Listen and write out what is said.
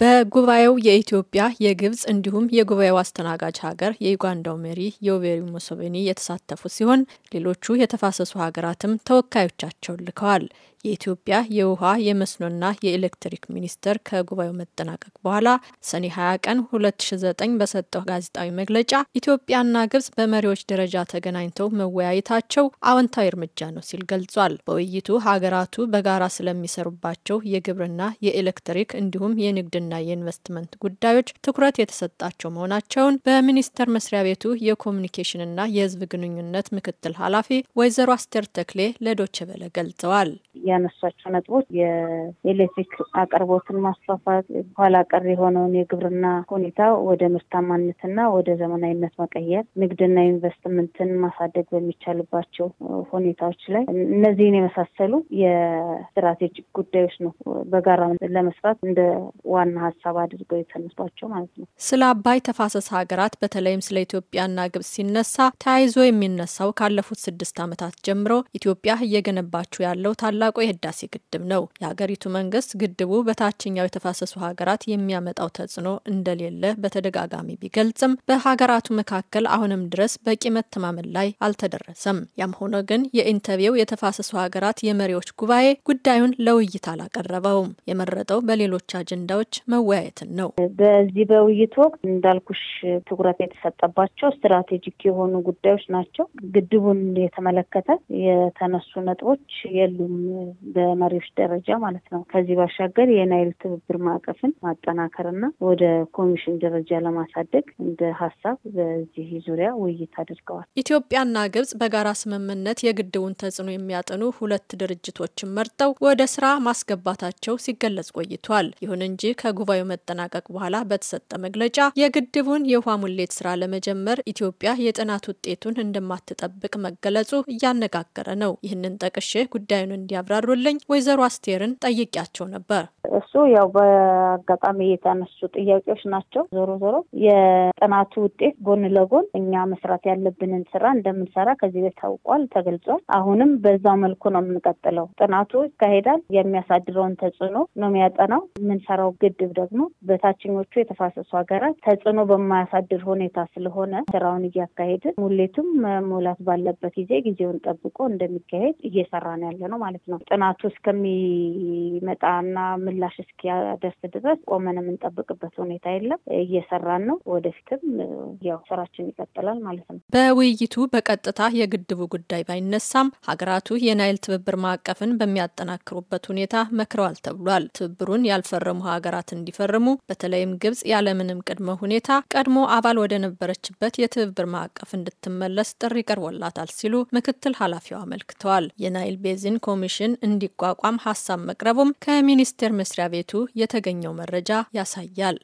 በጉባኤው የኢትዮጵያ፣ የግብጽ እንዲሁም የጉባኤው አስተናጋጅ ሀገር የዩጋንዳው መሪ ዮዌሪ ሙሶቬኒ የተሳተፉ ሲሆን ሌሎቹ የተፋሰሱ ሀገራትም ተወካዮቻቸውን ልከዋል። የኢትዮጵያ የውሃ የመስኖና የኤሌክትሪክ ሚኒስቴር ከጉባኤው መጠናቀቅ በኋላ ሰኔ 20 ቀን 2009 በሰጠው ጋዜጣዊ መግለጫ ኢትዮጵያና ግብጽ በመሪዎች ደረጃ ተገናኝተው መወያየታቸው አዎንታዊ እርምጃ ነው ሲል ገልጿል። በውይይቱ ሀገራቱ በጋራ ስለሚሰሩባቸው የግብርና፣ የኤሌክትሪክ እንዲሁም የንግድና የንግድና የኢንቨስትመንት ጉዳዮች ትኩረት የተሰጣቸው መሆናቸውን በሚኒስቴር መስሪያ ቤቱ የኮሚኒኬሽንና የህዝብ ግንኙነት ምክትል ኃላፊ ወይዘሮ አስቴር ተክሌ ለዶችቨለ ገልጸዋል። ያነሷቸው ነጥቦች የኤሌክትሪክ አቅርቦትን ማስፋፋት፣ ኋላ ቀር የሆነውን የግብርና ሁኔታ ወደ ምርታማነትና ወደ ዘመናዊነት መቀየር፣ ንግድና ኢንቨስትመንትን ማሳደግ በሚቻልባቸው ሁኔታዎች ላይ እነዚህን የመሳሰሉ የስትራቴጂክ ጉዳዮች ነው በጋራ ለመስራት እንደ ዋና ሀሳብ አድርገው የተነሷቸው ማለት ነው። ስለ አባይ ተፋሰስ ሀገራት በተለይም ስለ ኢትዮጵያና ግብጽ ሲነሳ ተያይዞ የሚነሳው ካለፉት ስድስት ዓመታት ጀምሮ ኢትዮጵያ እየገነባችው ያለው ታላቁ የህዳሴ ግድብ ነው። የሀገሪቱ መንግስት ግድቡ በታችኛው የተፋሰሱ ሀገራት የሚያመጣው ተጽዕኖ እንደሌለ በተደጋጋሚ ቢገልጽም በሀገራቱ መካከል አሁንም ድረስ በቂ መተማመን ላይ አልተደረሰም። ያም ሆኖ ግን የኢንተርቪው የተፋሰሱ ሀገራት የመሪዎች ጉባኤ ጉዳዩን ለውይይት አላቀረበውም። የመረጠው በሌሎች አጀንዳዎች መወያየትን ነው። በዚህ በውይይት ወቅት እንዳልኩሽ ትኩረት የተሰጠባቸው ስትራቴጂክ የሆኑ ጉዳዮች ናቸው። ግድቡን የተመለከተ የተነሱ ነጥቦች የሉም በመሪዎች ደረጃ ማለት ነው። ከዚህ ባሻገር የናይል ትብብር ማዕቀፍን ማጠናከርና ወደ ኮሚሽን ደረጃ ለማሳደግ እንደ ሀሳብ በዚህ ዙሪያ ውይይት አድርገዋል። ኢትዮጵያና ግብጽ በጋራ ስምምነት የግድቡን ተጽዕኖ የሚያጠኑ ሁለት ድርጅቶችን መርጠው ወደ ስራ ማስገባታቸው ሲገለጽ ቆይቷል። ይሁን እንጂ ከ ከጉባኤው መጠናቀቅ በኋላ በተሰጠ መግለጫ የግድቡን የውሃ ሙሌት ስራ ለመጀመር ኢትዮጵያ የጥናት ውጤቱን እንደማትጠብቅ መገለጹ እያነጋገረ ነው። ይህንን ጠቅሼ ጉዳዩን እንዲያብራሩልኝ ወይዘሮ አስቴርን ጠይቂያቸው ነበር። እሱ ያው በአጋጣሚ የተነሱ ጥያቄዎች ናቸው። ዞሮ ዞሮ የጥናቱ ውጤት ጎን ለጎን እኛ መስራት ያለብንን ስራ እንደምንሰራ ከዚህ ቤት ታውቋል፣ ተገልጿል። አሁንም በዛው መልኩ ነው የምንቀጥለው። ጥናቱ ይካሄዳል። የሚያሳድረውን ተጽዕኖ ነው የሚያጠናው። የምንሰራው ግድ ግድብ ደግሞ በታችኞቹ የተፋሰሱ ሀገራት ተጽዕኖ በማያሳድር ሁኔታ ስለሆነ ስራውን እያካሄድን ሙሌቱም መሞላት ባለበት ጊዜ ጊዜውን ጠብቆ እንደሚካሄድ እየሰራን ያለ ነው ማለት ነው። ጥናቱ እስከሚመጣና ምላሽ እስኪያደርስ ድረስ ቆመን የምንጠብቅበት ሁኔታ የለም። እየሰራን ነው። ወደፊትም ያው ስራችን ይቀጥላል ማለት ነው። በውይይቱ በቀጥታ የግድቡ ጉዳይ ባይነሳም ሀገራቱ የናይል ትብብር ማዕቀፍን በሚያጠናክሩበት ሁኔታ መክረዋል ተብሏል። ትብብሩን ያልፈረሙ ሀገራት ሀገራት እንዲፈርሙ በተለይም ግብጽ ያለምንም ቅድመ ሁኔታ ቀድሞ አባል ወደ ነበረችበት የትብብር ማዕቀፍ እንድትመለስ ጥሪ ቀርቦላታል ሲሉ ምክትል ኃላፊው አመልክተዋል። የናይል ቤዚን ኮሚሽን እንዲቋቋም ሀሳብ መቅረቡም ከሚኒስቴር መስሪያ ቤቱ የተገኘው መረጃ ያሳያል።